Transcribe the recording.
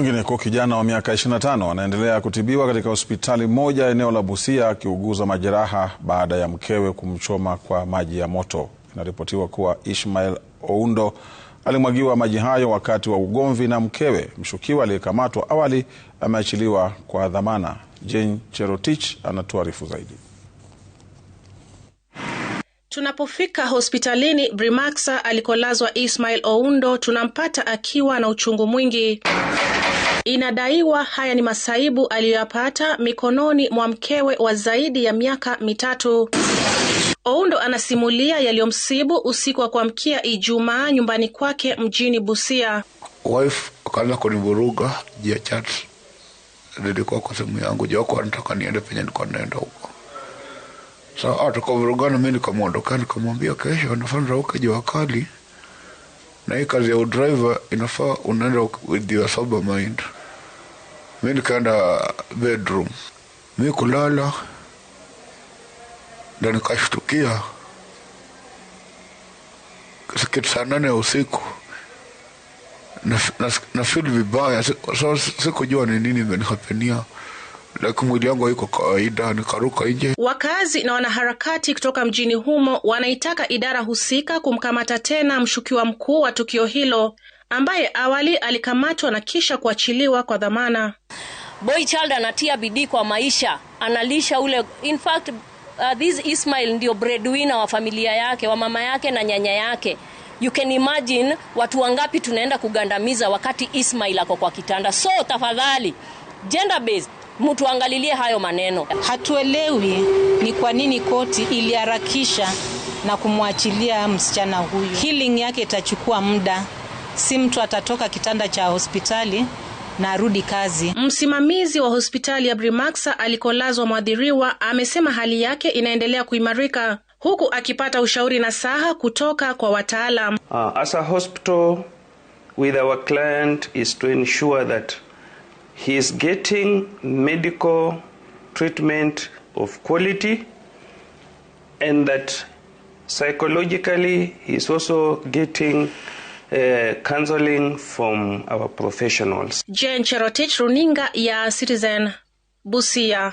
Kwingineko, kijana wa miaka 25 anaendelea kutibiwa katika hospitali moja eneo la Busia akiuguza majeraha baada ya mkewe kumchoma kwa maji ya moto. Inaripotiwa kuwa Ishmael Oundo alimwagiwa maji hayo wakati wa ugomvi na mkewe. Mshukiwa aliyekamatwa awali ameachiliwa kwa dhamana. Jane Cherotich anatuarifu zaidi. Tunapofika hospitalini Brimaxa alikolazwa Ismail Oundo tunampata akiwa na uchungu mwingi. Inadaiwa haya ni masaibu aliyoyapata mikononi mwa mkewe wa zaidi ya miaka mitatu. Oundo anasimulia yaliyomsibu usiku wa kuamkia Ijumaa nyumbani kwake mjini Busia. Wife akaanza kunivuruga jia chat, nilikuwa kwa simu yangu joko, anataka niende penye nilikuwa naenda huko. Saa ah, tukavurugana, mi nikamwondokea, nikamwambia kesho nafaa nirauke jua kali, na hii kazi ya udriver inafaa unaenda with your sober mind mi nikaenda bedroom mi kulala ndo nikashtukia kitu saa nane ya usiku na, feel vibaya sikujua ni nini imenihapenia lakini mwili yangu haiko kawaida, nikaruka nje. Wakazi na wanaharakati kutoka mjini humo wanaitaka idara husika kumkamata tena mshukiwa mkuu wa tukio hilo ambaye awali alikamatwa na kisha kuachiliwa kwa dhamana. Boy child anatia bidii kwa maisha, analisha ule in fact, uh, this Ismail ndio breadwinner wa familia yake, wa mama yake na nyanya yake. You can imagine watu wangapi tunaenda kugandamiza wakati Ismail ako kwa kitanda. So tafadhali, gender based mtu angalilie hayo maneno. Hatuelewi ni kwa nini koti iliharakisha na kumwachilia msichana huyu. Healing yake itachukua muda si mtu atatoka kitanda cha hospitali na arudi kazi. Msimamizi wa hospitali ya Brimaxa alikolazwa mwadhiriwa amesema hali yake inaendelea kuimarika huku akipata ushauri na saha kutoka kwa wataalam. Uh, as a hospital with our client is to ensure that he is getting medical treatment of quality and that psychologically he is also getting Eh, counseling from our professionals. Jane Cherotich, Runinga ya Citizen Busia.